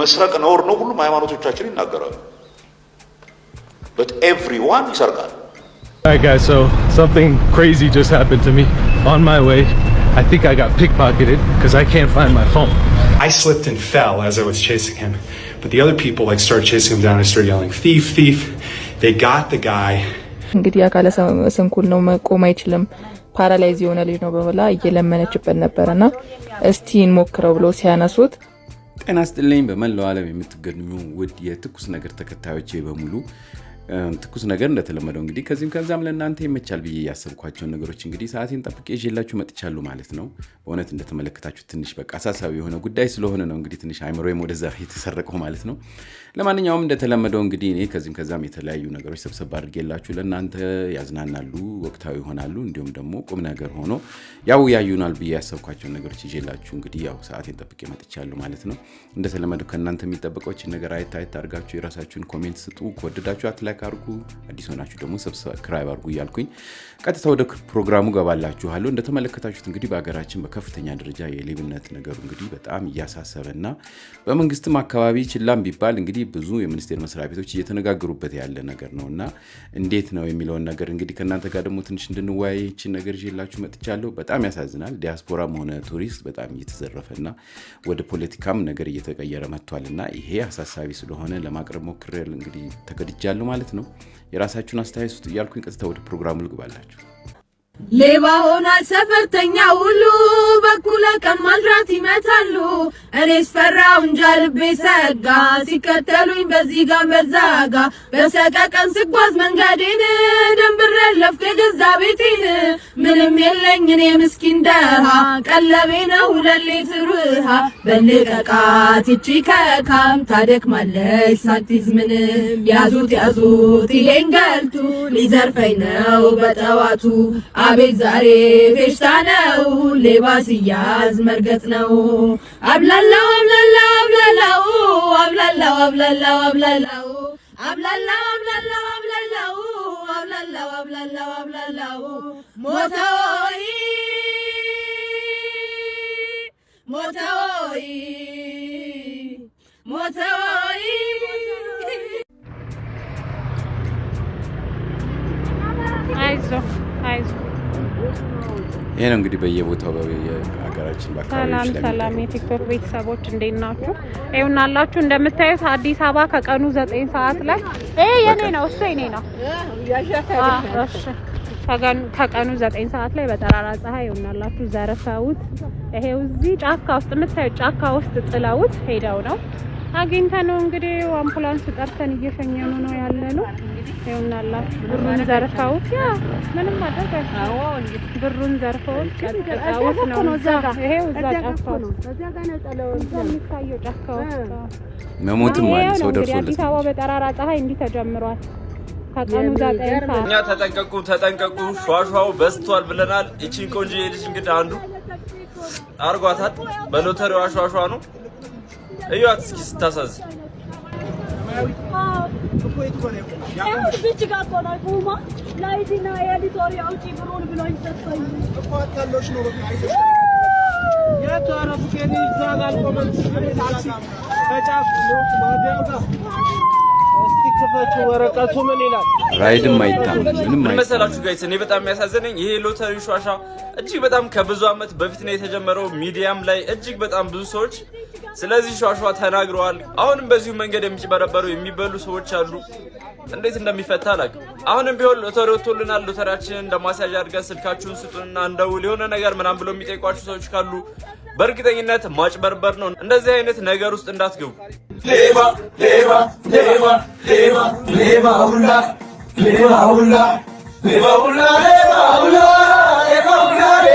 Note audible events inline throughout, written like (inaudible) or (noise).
መስረቅ ነውር ነው። ሁሉም ሃይማኖቶቻችን ይናገራሉ። ይሰርቃል። All right guys, so something crazy just happened to me on my way. I think I got pickpocketed because I can't find my phone. I slipped and fell as I was chasing him. But the other people like started chasing him down. I started yelling, "Thief, thief." They got the guy. እንግዲህ አካለ ስንኩል ነው፣ መቆም አይችልም። ፓራላይዝ የሆነ ልጅ ነው እየለመነችበት ነበረና እስቲ እንሞክረው ብሎ ሲያነሱት ጤና ስጥልኝ። በመላው ዓለም የምትገኙ ውድ የትኩስ ነገር ተከታዮቼ በሙሉ ትኩስ ነገር እንደተለመደው እንግዲህ ከዚህም ከዛም ለእናንተ ይመቻል ብዬ ያሰብኳቸውን ነገሮች እንግዲህ ሰዓቴን ጠብቄ ይዤላችሁ መጥቻሉ ማለት ነው። በእውነት እንደተመለከታችሁ ትንሽ በቃ አሳሳቢ የሆነ ጉዳይ ስለሆነ ነው እንግዲህ ትንሽ አይምሮዬም ወደዛ (laughs) የተሰረቀው ማለት ነው። ለማንኛውም እንደተለመደው እንግዲህ እኔ ከዚህም ከዛም የተለያዩ ነገሮች ሰብሰብ አድርጌላችሁ ለእናንተ ያዝናናሉ፣ ወቅታዊ ይሆናሉ፣ እንዲሁም ደግሞ ቁም ነገር ሆኖ ያው ያዩናል ብዬ ያሰብኳቸውን ነገሮች ይዤላችሁ እንግዲህ ያው ሰዓቴን ጠብቄ መጥቻለሁ ማለት ነው። እንደተለመደው ከእናንተ የሚጠበቀው ነገር አየት አየት አድርጋችሁ የራሳችሁን ኮሜንት ስጡ። ከወደዳችሁ አትላ ላይክ አድርጉ፣ አዲስ ሆናችሁ ደግሞ ሰብስክራይብ አድርጉ እያልኩኝ ቀጥታ ወደ ፕሮግራሙ ገባላችኋለሁ። እንደተመለከታችሁት እንግዲህ በሀገራችን በከፍተኛ ደረጃ የሌብነት ነገሩ እንግዲህ በጣም እያሳሰበ እያሳሰበና በመንግስትም አካባቢ ችላም ቢባል እንግዲህ ብዙ የሚኒስቴር መስሪያ ቤቶች እየተነጋገሩበት ያለ ነገር ነው እና እንዴት ነው የሚለውን ነገር እንግዲህ ከእናንተ ጋር ደግሞ ትንሽ እንድንወያይ ይችን ነገር ይዤላችሁ መጥቻለሁ። በጣም ያሳዝናል። ዲያስፖራም ሆነ ቱሪስት በጣም እየተዘረፈ እየተዘረፈና ወደ ፖለቲካም ነገር እየተቀየረ መጥቷል መጥቷልና ይሄ አሳሳቢ ስለሆነ ለማቅረብ ሞክሬ እንግዲህ ተገድጃለሁ ማለት ማለት ነው። የራሳችሁን አስተያየት ውስጥ እያልኩኝ ቀጥታ ወደ ፕሮግራሙ ልግባላችሁ። ሌባ ሆናል ሰፈርተኛ ሁሉ በኩለ ቀን ማንድራት ይመታሉ። እኔ ፈራው እንጃ ልቤ ሰጋ ሲከተሉኝ በዚህ ጋር በዛጋ በሰቀቀን ስጓዝ መንገዴን ደንብሬለፍኩ የገዛ ቤቴን ምንም የለኝ እኔ ምስኪን ደሃ ቀለቤ ነው ለሌ ትርሃ በልቀቃት እቺ ከካም ታደክማለች ሳትይዝ ምንም ያዙት ያዙት ይሄን ገልቱ ሊዘርፈኝ ነው በጠዋቱ አቤት ዛሬ ፌሽታ ነው፣ ሌባ ሲያዝ መርገጥ ነው። አብላላው አብላላው አብላላው አብላላው አብላላው አብላላው አብላላው አብላላው አብላላው አብላላው አብላላው አብላላው ሞተወይ ሞተወይ ሞተወይ አይዞ አይዞ ይሄ ነው እንግዲህ በየቦታው ሀገራችን ሰላም ሰላም የቲክቶክ ቤተሰቦች እንዴት ናችሁ? ይሁን አላችሁ። እንደምታዩት አዲስ አበባ ከቀኑ ዘጠኝ ሰዓት ላይ ይሄ የኔ ነው እሱ የኔ ነው። ከቀኑ ዘጠኝ ሰዓት ላይ በጠራራ ፀሐይ ይሆናላችሁ ዘረፈውት። ይሄው እዚህ ጫካ ውስጥ የምታዩት ጫካ ውስጥ ጥለውት ሄደው ነው አግኝተ ነው እንግዲህ አምቡላንስ ጠርተን እየሸኘኑ ነው ያለ ነው። ይኸውናላ ብሩን ዘርፈውት ያ ምንም አደረገ። አዎ ብሩን ዘርፈውት ጨፍቀውት ነው እዛ ጋር ይሄው እዛ ጨፍቀው ነው እዛ ጋር ነው ጠለው እዛ የሚታየው ጫካው መሞትም ማለት ሰው ደርሶለት አዲስ አበባ በጠራራ ፀሐይ እንዲህ ተጀምሯል። እኛ ተጠንቀቁ ተጠንቀቁ ሿሿው በዝቷል ብለናል። እቺን ቆንጆ የልጅ እንግዲህ አንዱ አርጓታት በሎተሪዋ ሿሿ ነው እዩት እስኪ ስታሳዝን። ወረቀቱ ምን ይላል? ራይድም አይታም መሰላችሁ ጋይስ፣ እኔ በጣም የሚያሳዝነኝ ይሄ ሎተሪ እጅግ በጣም ከብዙ አመት በፊት ነው የተጀመረው። ሚዲያም ላይ እጅግ በጣም ብዙ ሰዎች ስለዚህ ሸዋሸዋ ተናግረዋል። አሁንም በዚሁ መንገድ የሚጭበረበሩ የሚበሉ ሰዎች አሉ። እንዴት እንደሚፈታ አላውቅም። አሁንም ቢሆን ሎተሪ ወጥቶልናል፣ ሎተሪያችንን እንደማስያዣ አድርገን ስልካችሁን ስጡንና እንደውል የሆነ ነገር ምናምን ብሎ የሚጠይቋችሁ ሰዎች ካሉ በእርግጠኝነት ማጭበርበር ነው። እንደዚህ አይነት ነገር ውስጥ እንዳትገቡ። ሌባ ሌባ ሌባ ሌባ ሌባ ሁላ ሌባ ሁላ ሌባ ሁላ ሌባ ሁላ ሌባ ሁላ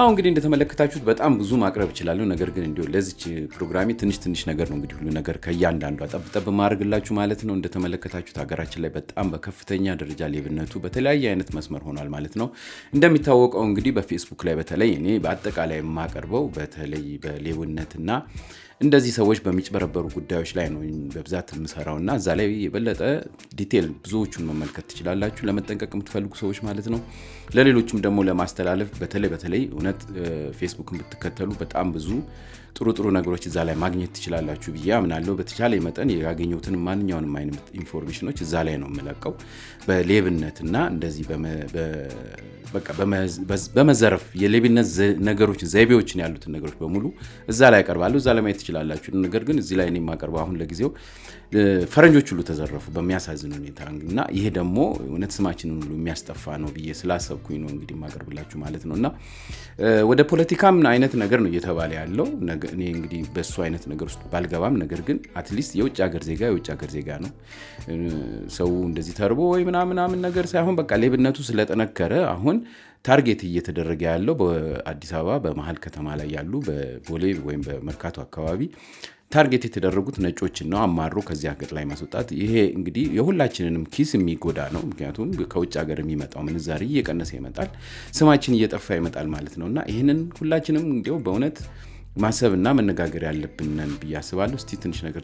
አሁን እንግዲህ እንደተመለከታችሁት በጣም ብዙ ማቅረብ እችላለሁ። ነገር ግን እንዲሁ ለዚች ፕሮግራሜ ትንሽ ትንሽ ነገር ነው እንግዲህ ሁሉ ነገር ከእያንዳንዷ ጠብጠብ ማድረግላችሁ ማለት ነው። እንደተመለከታችሁት ሀገራችን ላይ በጣም በከፍተኛ ደረጃ ሌብነቱ በተለያየ አይነት መስመር ሆኗል ማለት ነው። እንደሚታወቀው እንግዲህ በፌስቡክ ላይ በተለይ እኔ በአጠቃላይ የማቀርበው በተለይ በሌብነትና እንደዚህ ሰዎች በሚጭበረበሩ ጉዳዮች ላይ ነው በብዛት የምሰራው እና እዛ ላይ የበለጠ ዲቴል ብዙዎቹን መመልከት ትችላላችሁ፣ ለመጠንቀቅ የምትፈልጉ ሰዎች ማለት ነው። ለሌሎችም ደግሞ ለማስተላለፍ በተለይ በተለይ እውነት ፌስቡክን ብትከተሉ በጣም ብዙ ጥሩ ጥሩ ነገሮች እዛ ላይ ማግኘት ትችላላችሁ ብዬ አምናለሁ። በተቻለ መጠን ያገኘሁትን ማንኛውንም አይነት ኢንፎርሜሽኖች እዛ ላይ ነው የምለቀው። በሌብነትና እንደዚህ በመዘረፍ የሌብነት ነገሮች ዘይቤዎችን ያሉትን ነገሮች በሙሉ እዛ ላይ ያቀርባሉ። እዛ ላይ ማየት ትችላላችሁ። ነገር ግን እዚህ ላይ የማቀርበው አሁን ለጊዜው ፈረንጆች ሁሉ ተዘረፉ በሚያሳዝን ሁኔታ እና ይሄ ደግሞ እውነት ስማችንን ሁሉ የሚያስጠፋ ነው ብዬ ስላሰብኩኝ ነው እንግዲህ የማቀርብላችሁ ማለት ነው እና ወደ ፖለቲካም አይነት ነገር ነው እየተባለ ያለው እኔ እንግዲህ በሱ አይነት ነገር ውስጥ ባልገባም፣ ነገር ግን አትሊስት የውጭ ሀገር ዜጋ የውጭ ሀገር ዜጋ ነው። ሰው እንደዚህ ተርቦ ወይ ምናምናምን ነገር ሳይሆን በቃ ሌብነቱ ስለጠነከረ አሁን ታርጌት እየተደረገ ያለው በአዲስ አበባ በመሀል ከተማ ላይ ያሉ በቦሌ ወይም በመርካቶ አካባቢ ታርጌት የተደረጉት ነጮችን ነው። አማሮ ከዚህ ሀገር ላይ ማስወጣት ይሄ እንግዲህ የሁላችንንም ኪስ የሚጎዳ ነው። ምክንያቱም ከውጭ ሀገር የሚመጣው ምንዛሪ እየቀነሰ ይመጣል፣ ስማችን እየጠፋ ይመጣል ማለት ነው እና ይህንን ሁላችንም እንዲያው በእውነት ማሰብና መነጋገር ያለብን ብዬ አስባለሁ። እስቲ ትንሽ ነገር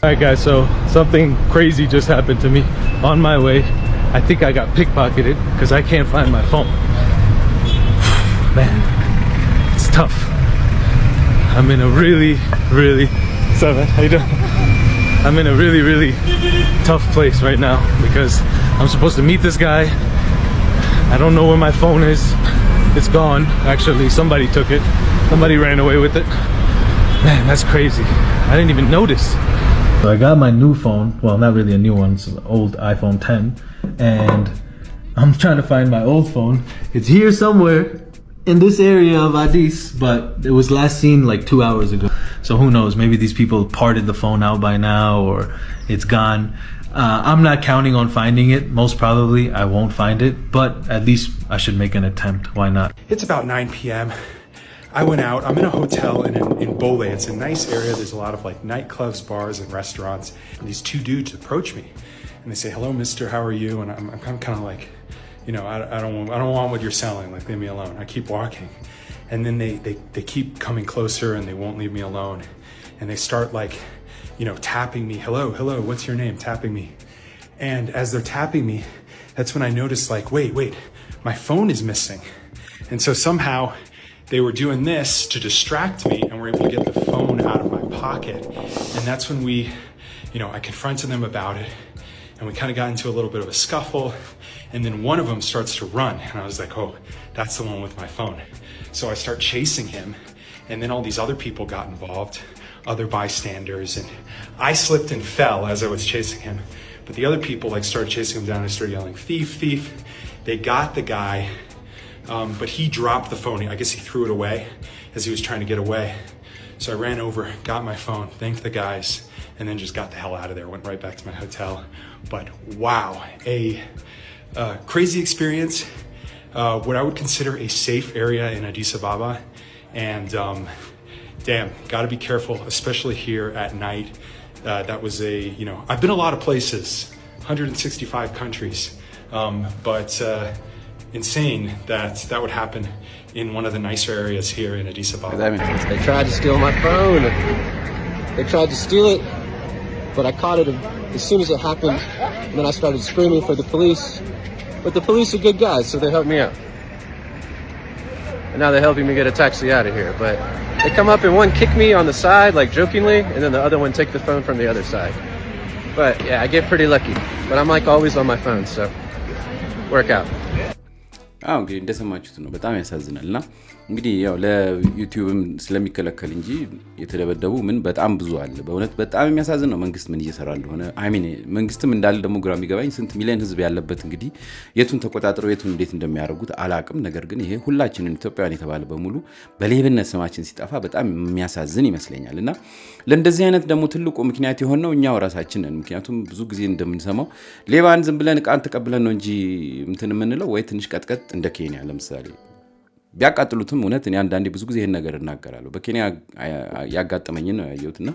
All right guys, so something crazy just happened to me on my way. I think I got pickpocketed because I can't find my phone. (sighs) Man, it's tough. I'm in a really, really, so man, how you doing? I'm in a really, really tough place right now because I'm supposed to meet this guy. I don't know where my phone is. It's gone, actually. Somebody took it. Somebody ran away with it. Man, that's crazy. I didn't even notice. So I got my new phone. Well, not really a new one. It's an old iPhone 10, and I'm trying to find my old phone. It's here somewhere in this area of Addis, but it was last seen like two hours ago. So who knows? Maybe these people parted the phone out by now, or it's gone. Uh, I'm not counting on finding it. Most probably, I won't find it, but at least I should make an attempt. Why not? It's about 9 p.m. I went out. I'm in a hotel in, in, in Bole. It's a nice area. There's a lot of like nightclubs, bars, and restaurants. And these two dudes approach me and they say, Hello, mister, how are you? And I'm, I'm kind of like, you know, I, I, don't, I don't want what you're selling. Like, leave me alone. I keep walking. And then they, they, they keep coming closer and they won't leave me alone. And they start like, you know, tapping me. Hello, hello, what's your name? Tapping me. And as they're tapping me, that's when I notice like, wait, wait, my phone is missing. And so somehow they were doing this to distract me and were able to get the phone out of my pocket. And that's when we, you know, I confronted them about it and we kind of got into a little bit of a scuffle. And then one of them starts to run, and I was like, oh, that's the one with my phone. So I start chasing him, and then all these other people got involved, other bystanders, and I slipped and fell as I was chasing him. But the other people like started chasing him down and started yelling, thief, thief. They got the guy, um, but he dropped the phone. I guess he threw it away as he was trying to get away. So I ran over, got my phone, thanked the guys, and then just got the hell out of there, went right back to my hotel. But wow, a uh, crazy experience, uh, what I would consider a safe area in Addis Ababa. And um, damn, gotta be careful, especially here at night. Uh, that was a, you know, I've been a lot of places, 165 countries, um, but uh, insane that that would happen in one of the nicer areas here in Addis Ababa. They tried to steal my phone. They tried to steal it. But I caught it as soon as it happened, and then I started screaming for the police. But the police are good guys, so they helped me out. And now they're helping me get a taxi out of here. But they come up and one kick me on the side, like jokingly, and then the other one take the phone from the other side. But yeah, I get pretty lucky. But I'm like always on my phone, so work out. አሁ እንግዲህ እንደሰማችሁት ነው። በጣም ያሳዝናል እና እንግዲህ ያው ለዩቲዩብም ስለሚከለከል እንጂ የተደበደቡ ምን በጣም ብዙ አለ። በእውነት በጣም የሚያሳዝን ነው። መንግስት ምን እየሰራ እንደሆነ አሚን መንግስትም እንዳለ ደግሞ ግራ የሚገባኝ ስንት ሚሊዮን ህዝብ ያለበት እንግዲህ የቱን ተቆጣጥረው የቱን እንዴት እንደሚያደርጉት አላቅም። ነገር ግን ይሄ ሁላችንም ኢትዮጵያውያን የተባለ በሙሉ በሌብነት ስማችን ሲጠፋ በጣም የሚያሳዝን ይመስለኛል። እና ለእንደዚህ አይነት ደግሞ ትልቁ ምክንያት የሆነው እኛው ራሳችን ነን። ምክንያቱም ብዙ ጊዜ እንደምንሰማው ሌባን ዝም ብለን እቃን ተቀብለን ነው እንጂ እንትን የምንለው ወይ ትንሽ ቀጥቀጥ እንደ ኬንያ ለምሳሌ ቢያቃጥሉትም እውነት እኔ አንዳንዴ ብዙ ጊዜ ይህን ነገር እናገራለሁ። በኬንያ ያጋጠመኝን ያየሁትና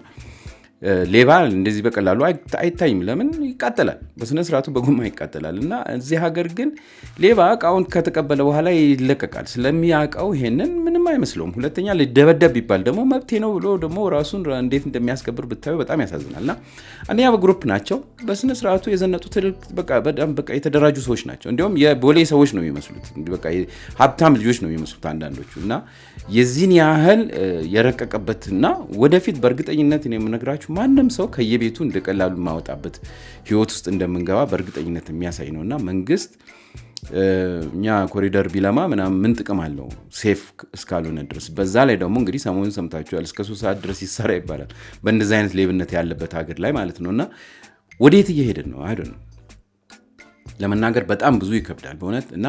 ሌባ እንደዚህ በቀላሉ አይታይም። ለምን ይቃጠላል፣ በስነ በጎማ ይቃጠላል። እና እዚህ ሀገር ግን ሌባ እቃውን ከተቀበለ በኋላ ይለቀቃል። ስለሚያውቀው ይሄንን ምንም አይመስለውም። ሁለተኛ ልደበደብ ቢባል ደግሞ መብቴ ነው ብሎ ደግሞ ራሱን እንዴት እንደሚያስከብር ብታዩ በጣም ያሳዝናል። እና አንደኛ በግሩፕ ናቸው፣ በስነ የዘነጡ በጣም በቃ የተደራጁ ሰዎች ናቸው። እንዲሁም የቦሌ ሰዎች ነው የሚመስሉት፣ በቃ ሀብታም ልጆች ነው የሚመስሉት አንዳንዶቹ። እና የዚህን ያህል የረቀቀበትና ወደፊት በእርግጠኝነት የምነግራችሁ ማንም ሰው ከየቤቱ እንደቀላሉ የማወጣበት ህይወት ውስጥ እንደምንገባ በእርግጠኝነት የሚያሳይ ነው እና መንግስት እኛ ኮሪደር ቢለማ ምናምን ምን ጥቅም አለው ሴፍ እስካልሆነ ድረስ። በዛ ላይ ደግሞ እንግዲህ ሰሞኑን ሰምታችኋል እስከ ሶስት ሰዓት ድረስ ይሰራ ይባላል። በእንደዚህ አይነት ሌብነት ያለበት ሀገር ላይ ማለት ነው እና ወዴት እየሄድን ነው? አይደ ነው ለመናገር በጣም ብዙ ይከብዳል በእውነት እና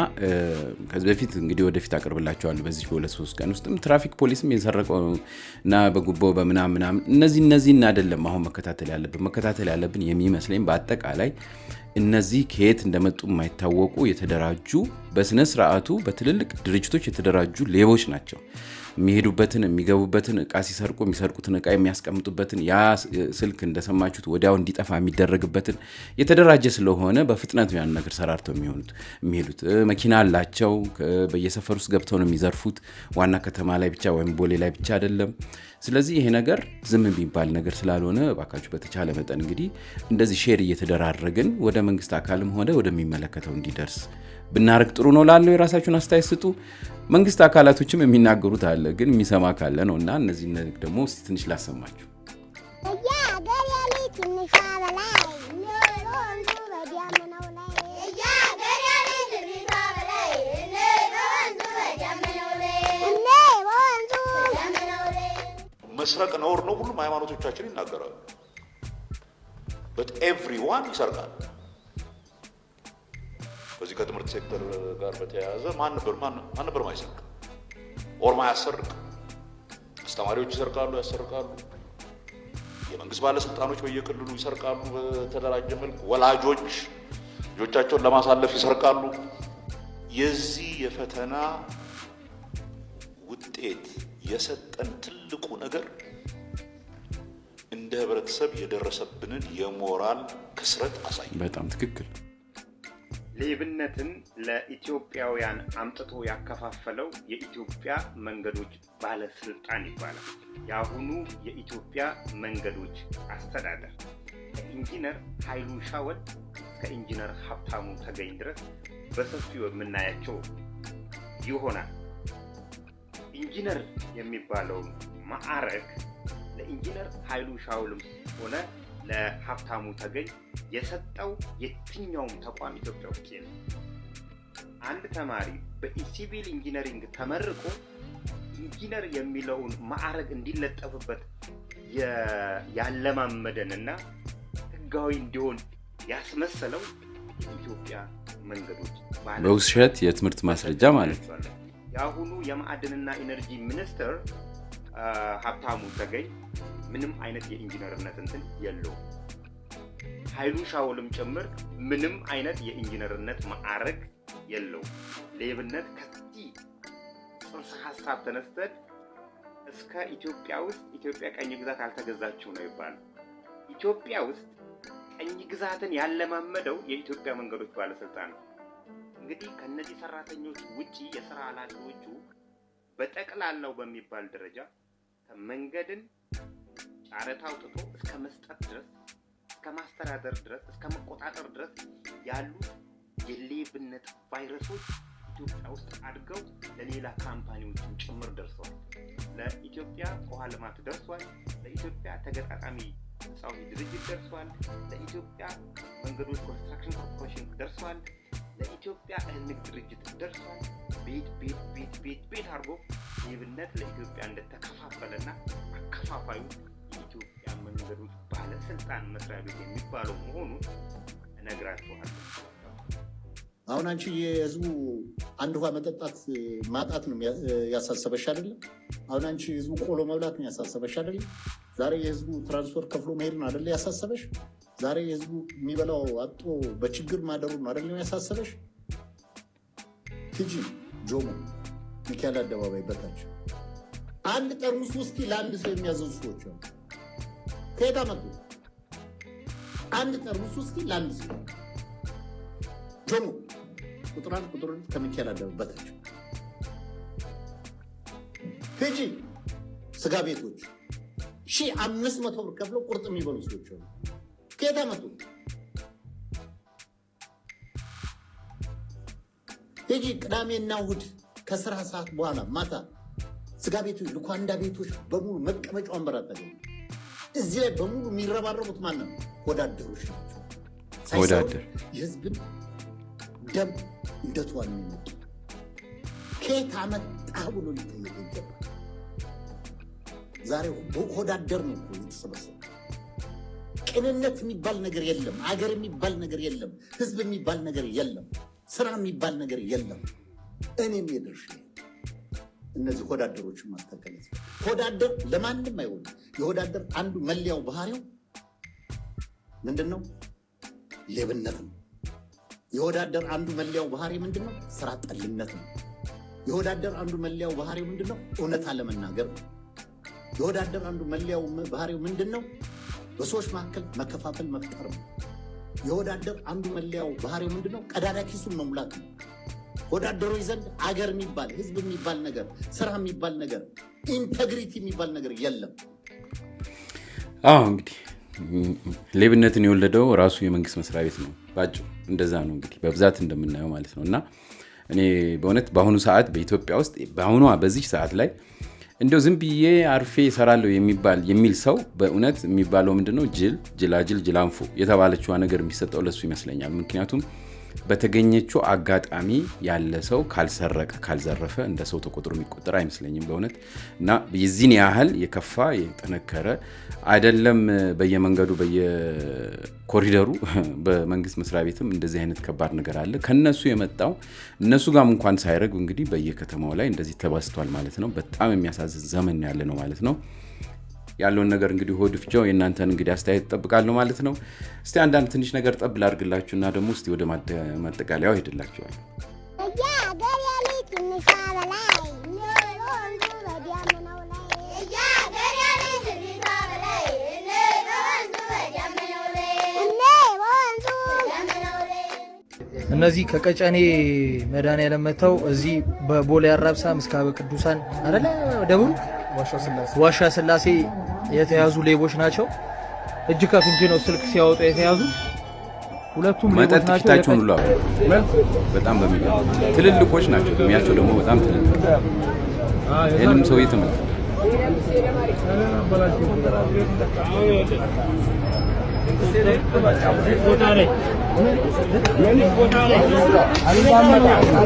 ከዚህ በፊት እንግዲህ ወደፊት አቅርብላቸዋል በዚህ በሁለት ሶስት ቀን ውስጥም ትራፊክ ፖሊስም የሰረቀው እና በጉቦ በምናምን ምናምን እነዚህ እነዚህን አይደለም አሁን መከታተል ያለብን መከታተል ያለብን የሚመስለኝ በአጠቃላይ እነዚህ ከየት እንደመጡ የማይታወቁ የተደራጁ በስነ ስርዓቱ በትልልቅ ድርጅቶች የተደራጁ ሌቦች ናቸው። የሚሄዱበትን የሚገቡበትን እቃ ሲሰርቁ የሚሰርቁትን እቃ የሚያስቀምጡበትን ያ ስልክ እንደሰማችሁት ወዲያው እንዲጠፋ የሚደረግበትን የተደራጀ ስለሆነ በፍጥነት ያን ነገር ሰራርተው የሚሆኑት የሚሄዱት መኪና አላቸው። በየሰፈር ውስጥ ገብተው ነው የሚዘርፉት። ዋና ከተማ ላይ ብቻ ወይም ቦሌ ላይ ብቻ አይደለም። ስለዚህ ይሄ ነገር ዝም የሚባል ነገር ስላልሆነ እባካችሁ በተቻለ መጠን እንግዲህ እንደዚህ ሼር እየተደራረግን ወደ መንግስት አካልም ሆነ ወደሚመለከተው እንዲደርስ ብናረግ ጥሩ ነው ላለው የራሳችሁን አስተያየት ስጡ። መንግስት አካላቶችም የሚናገሩት አለ፣ ግን የሚሰማ ካለ ነው። እና እነዚህ ደግሞ ትንሽ ላሰማችሁ። መስረቅ ነውር ነው፣ ሁሉም ሃይማኖቶቻችን ይናገራሉ። በት ኤቭሪዋን ይሰርቃል በዚህ ከትምህርት ሴክተር ጋር በተያያዘ ማን ነበር ማይሰርቅ ኦርማ ማያሰርቅ? አስተማሪዎች ይሰርቃሉ፣ ያሰርቃሉ። የመንግስት ባለስልጣኖች በየክልሉ ይሰርቃሉ። በተደራጀ መልኩ ወላጆች ልጆቻቸውን ለማሳለፍ ይሰርቃሉ። የዚህ የፈተና ውጤት የሰጠን ትልቁ ነገር እንደ ህብረተሰብ የደረሰብንን የሞራል ክስረት አሳይ። በጣም ትክክል ሌብነትን ለኢትዮጵያውያን አምጥቶ ያከፋፈለው የኢትዮጵያ መንገዶች ባለስልጣን ይባላል። የአሁኑ የኢትዮጵያ መንገዶች አስተዳደር ከኢንጂነር ኃይሉ ሻወል ከኢንጂነር ሀብታሙ ተገኝ ድረስ በሰፊው የምናያቸው ይሆናል። ኢንጂነር የሚባለው ማዕረግ ለኢንጂነር ኃይሉ ሻውልም ሆነ ለሀብታሙ ተገኝ የሰጠው የትኛውም ተቋም ኢትዮጵያ ውስጥ የለም። አንድ ተማሪ በሲቪል ኢንጂነሪንግ ተመርቆ ኢንጂነር የሚለውን ማዕረግ እንዲለጠፍበት ያለማመደንና ህጋዊ እንዲሆን ያስመሰለው የኢትዮጵያ መንገዶች በውሸት የትምህርት ማስረጃ ማለት ነው። የአሁኑ የማዕድንና ኢነርጂ ሚኒስትር ሀብታሙ ተገኝ ምንም አይነት የኢንጂነርነት እንትን የለውም። ኃይሉ ሻውልም ጭምር ምንም አይነት የኢንጂነርነት ማዕረግ የለውም። ሌብነት ከዚህ ጽንሰ ሀሳብ ተነስተን እስከ ኢትዮጵያ ውስጥ ኢትዮጵያ ቀኝ ግዛት አልተገዛችው ነው ይባላል። ኢትዮጵያ ውስጥ ቀኝ ግዛትን ያለማመደው የኢትዮጵያ መንገዶች ባለስልጣን ነው። እንግዲህ ከነዚህ ሰራተኞች ውጪ የስራ ኃላፊዎቹ በጠቅላላው በሚባል ደረጃ መንገድን ጨረታ አውጥቶ እስከ መስጠት ድረስ እስከ ማስተዳደር ድረስ እስከ መቆጣጠር ድረስ ያሉት የሌብነት ቫይረሶች ኢትዮጵያ ውስጥ አድገው ለሌላ ካምፓኒዎችን ጭምር ደርሰዋል። ለኢትዮጵያ ውሃ ልማት ደርሷል። ለኢትዮጵያ ተገጣጣሚ ህንፃዊ ድርጅት ደርሷል። ለኢትዮጵያ መንገዶች ኮንስትራክሽን ኮርፖሬሽን ደርሷል። ለኢትዮጵያ ንግድ ድርጅት ደርሷል። ቤት ቤት ቤት ቤት ቤት አድርጎ ሌብነት ለኢትዮጵያ እንደተከፋፈለና አከፋፋዩ የኢትዮጵያ መንገዶች ባለስልጣን መስሪያ ቤት የሚባለው መሆኑ እነግራችኋለሁ። አሁን አንቺ የህዝቡ አንድ ውሃ መጠጣት ማጣት ነው ያሳሰበሽ አይደለም? አሁን አንቺ ህዝቡ ቆሎ መብላት ነው ያሳሰበሽ አይደለም? ዛሬ የህዝቡ ትራንስፖርት ከፍሎ መሄድ ነው አይደለ ያሳሰበሽ? ዛሬ ህዝቡ የሚበላው አጥቶ በችግር ማደሩ ነው አደለም ያሳሰበሽ? ሂጂ ጆሞ ሚካኤል አደባባይ በታች አንድ ጠርሙስ ውስኪ ለአንድ ሰው የሚያዘዙ ሰዎች አሉ። ከየት አመጡ? አንድ ጠርሙስ ውስኪ ለአንድ ሰው ጆሞ ቁጥራን አንድ ቁጥር ከሚካኤል አደባባይ በታች ሂጂ ስጋ ቤቶች ሺህ አምስት መቶ ብር ከፍለው ቁርጥ የሚበሉ ሰዎች አሉ። και θα μας πούν. ልጅ ቅዳሜና እሑድ ከስራ ሰዓት በኋላ ማታ ስጋ ቤቱ ልኳንዳ ቤቶች በሙሉ መቀመጫ ወንበር አጠገ እዚህ ላይ በሙሉ የሚረባረቡት ማነው ወዳደሮች ናቸው። ሳይወዳደር የህዝብን ደም እንደተዋል የሚመጡ ከየት አመጣህ ብሎ ሊጠየቅ ይገባል። ዛሬ ወዳደር ነው የተሰበሰበ ቅንነት የሚባል ነገር የለም። አገር የሚባል ነገር የለም። ህዝብ የሚባል ነገር የለም። ስራ የሚባል ነገር የለም። እኔም የደርሽ እነዚህ ሆዳደሮችን ማስተካከል ሆዳደር ለማንም አይሆንም። የሆዳደር አንዱ መለያው ባህሪው ምንድን ነው? ሌብነት ነው። የሆዳደር አንዱ መለያው ባህሪ ምንድን ነው? ስራ ጠልነት ነው። የሆዳደር አንዱ መለያው ባህሪው ምንድን ነው? እውነት አለመናገር ነው። የሆዳደር አንዱ መለያው ባህሪው ምንድን ነው? በሰዎች መካከል መከፋፈል መፍጠር ነው። የወዳደር አንዱ መለያው ባህሪው ምንድነው? ቀዳዳ ኪሱን መሙላት ነው። ወዳደሮ ዘንድ አገር የሚባል ህዝብ የሚባል ነገር ስራ የሚባል ነገር ኢንተግሪቲ የሚባል ነገር የለም። አዎ እንግዲህ ሌብነትን የወለደው ራሱ የመንግስት መስሪያ ቤት ነው። ባጭሩ እንደዛ ነው እንግዲህ በብዛት እንደምናየው ማለት ነው። እና እኔ በእውነት በአሁኑ ሰዓት በኢትዮጵያ ውስጥ በአሁኗ በዚህ ሰዓት ላይ እንደው ዝም ብዬ አርፌ ይሰራለሁ የሚባል የሚል ሰው በእውነት የሚባለው ምንድነው ጅል ጅላጅል ጅላንፎ የተባለችዋ ነገር የሚሰጠው ለሱ ይመስለኛል ምክንያቱም በተገኘችው አጋጣሚ ያለ ሰው ካልሰረቀ ካልዘረፈ እንደ ሰው ተቆጥሮ የሚቆጠር አይመስለኝም በእውነት እና የዚህን ያህል የከፋ የጠነከረ አይደለም። በየመንገዱ በየኮሪደሩ (laughs) በመንግስት መስሪያ ቤትም እንደዚህ አይነት ከባድ ነገር አለ። ከነሱ የመጣው እነሱ ጋም እንኳን ሳይረግ እንግዲህ በየከተማው ላይ እንደዚህ ተባስቷል ማለት ነው። በጣም የሚያሳዝን ዘመን ያለ ነው ማለት ነው። ያለውን ነገር እንግዲህ ሆድፍጃው የእናንተን እንግዲህ አስተያየት እጠብቃለሁ ማለት ነው። እስቲ አንዳንድ ትንሽ ነገር ጠብ እና ደግሞ እስቲ ወደ ማጠቃለያው ሄድላችኋል። እነዚህ ከቀጨኔ መዳን መጥተው እዚህ በቦሌ አራብሳ ምስካበ ቅዱሳን አደለ ደቡብ ዋሻ ስላሴ የተያዙ ሌቦች ናቸው። እጅ ከፍንጅ ነው ስልክ ሲያወጡ የተያዙ ሁለቱም መጠጥ ፊታቸውን ሁሉ በጣም በሚገርም ትልልቆች ናቸው። እድሜያቸው ደግሞ በጣም ትልልቅ ይህንም ሰውዬ ትምህርት ይህንን የሚያህል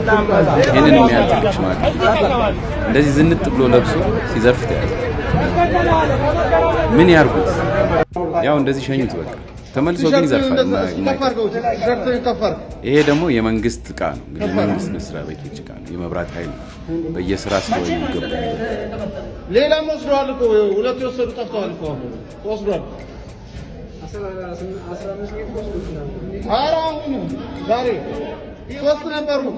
ሽማግሌ እንደዚህ ዝንጥ ብሎ ለብሶ ሲዘርፍ ተያዘ። ምን ያርጉት? ያው እንደዚህ ሸኙት በቃ። ተመልሶ ግን ይዘርፋል። ይሄ ደግሞ የመንግስት እቃ ነው እንግዲህ የመንግስት መስሪያ ቤቶች እቃ ነው። የመብራት ኃይል ነው። በየስራ ስቶ ይገባል። ሌላም ወስደዋል እኮ ሁለት የወሰዱ ጠፍተዋል እኮ ወስዷል። ኧረ አሁን ዛሬ ነበሩ።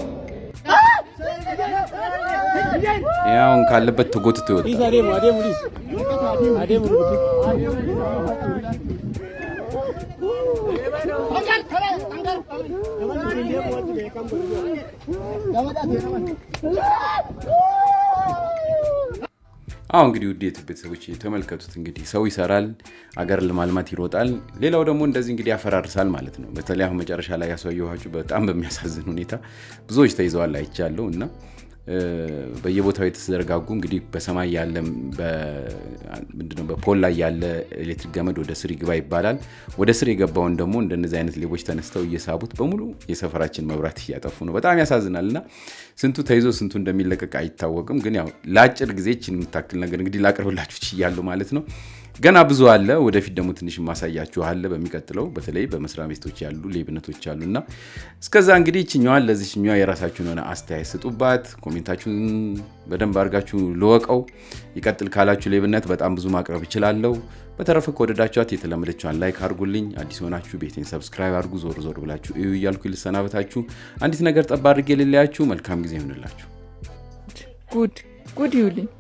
ካለበት ተጎትቶ ይወጣል። አሁ እንግዲህ ውዴት ቤተሰቦች የተመልከቱት እንግዲህ ሰው ይሰራል፣ አገር ለማልማት ይሮጣል። ሌላው ደግሞ እንደዚህ እንግዲህ ያፈራርሳል ማለት ነው። በተለይ አሁን መጨረሻ ላይ ያሳየኋችሁ በጣም በሚያሳዝን ሁኔታ ብዙዎች ተይዘዋል አይቻለሁ እና በየቦታው የተዘረጋጉ እንግዲህ በሰማይ ያለ ምንድነው በፖል ላይ ያለ ኤሌክትሪክ ገመድ ወደ ስር ይግባ ይባላል። ወደ ስር የገባውን ደግሞ እንደነዚህ አይነት ሌቦች ተነስተው እየሳቡት በሙሉ የሰፈራችን መብራት እያጠፉ ነው። በጣም ያሳዝናል። እና ስንቱ ተይዞ ስንቱ እንደሚለቀቅ አይታወቅም። ግን ያው ለአጭር ጊዜችን የምታክል ነገር እንግዲህ ላቅርብላችሁ እያሉ ማለት ነው። ገና ብዙ አለ። ወደፊት ደግሞ ትንሽ ማሳያችኋለ አለ በሚቀጥለው። በተለይ በመስሪያ ቤቶች ያሉ ሌብነቶች አሉና እስከዛ እንግዲህ ይችኛዋን ችኛ የራሳችሁን የሆነ አስተያየት ስጡባት። ኮሜንታችሁን በደንብ አድርጋችሁ ልወቀው። ይቀጥል ካላችሁ ሌብነት በጣም ብዙ ማቅረብ እችላለሁ በተረፈ ከወደዳችኋት የተለመደችዋን ላይክ አድርጉልኝ። አዲስ ሆናችሁ ቤቴን ሰብስክራይብ አድርጉ። ዞር ዞር ብላችሁ እዩ እያልኩ ልሰናበታችሁ። አንዲት ነገር ጠባ አድርጌ ልለያችሁ። መልካም ጊዜ ይሆንላችሁ። ጉድ ጉድ ይሁልኝ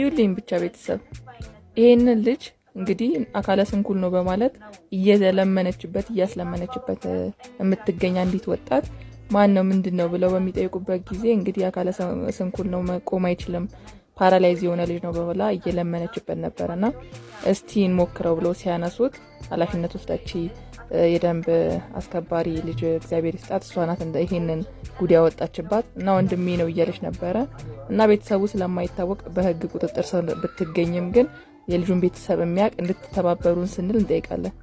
ይሁልኝ ብቻ ቤተሰብ ይሄንን ልጅ እንግዲህ አካለ ስንኩል ነው በማለት እየለመነችበት እያስለመነችበት የምትገኝ አንዲት ወጣት ማን ነው ምንድን ነው ብለው በሚጠይቁበት ጊዜ እንግዲህ አካለ ስንኩል ነው መቆም አይችልም ፓራላይዝ የሆነ ልጅ ነው በኋላ እየለመነችበት ነበረና እስቲ እንሞክረው ብለው ሲያነሱት ኃላፊነት ወስዳች የደንብ አስከባሪ ልጅ እግዚአብሔር ይስጣት እሷ ናት ይህንን ጉድ ያወጣችባት እና ወንድሜ ነው እያለች ነበረ እና ቤተሰቡ ስለማይታወቅ በህግ ቁጥጥር ስር ብትገኝም ግን የልጁን ቤተሰብ የሚያውቅ እንድትተባበሩን ስንል እንጠይቃለን።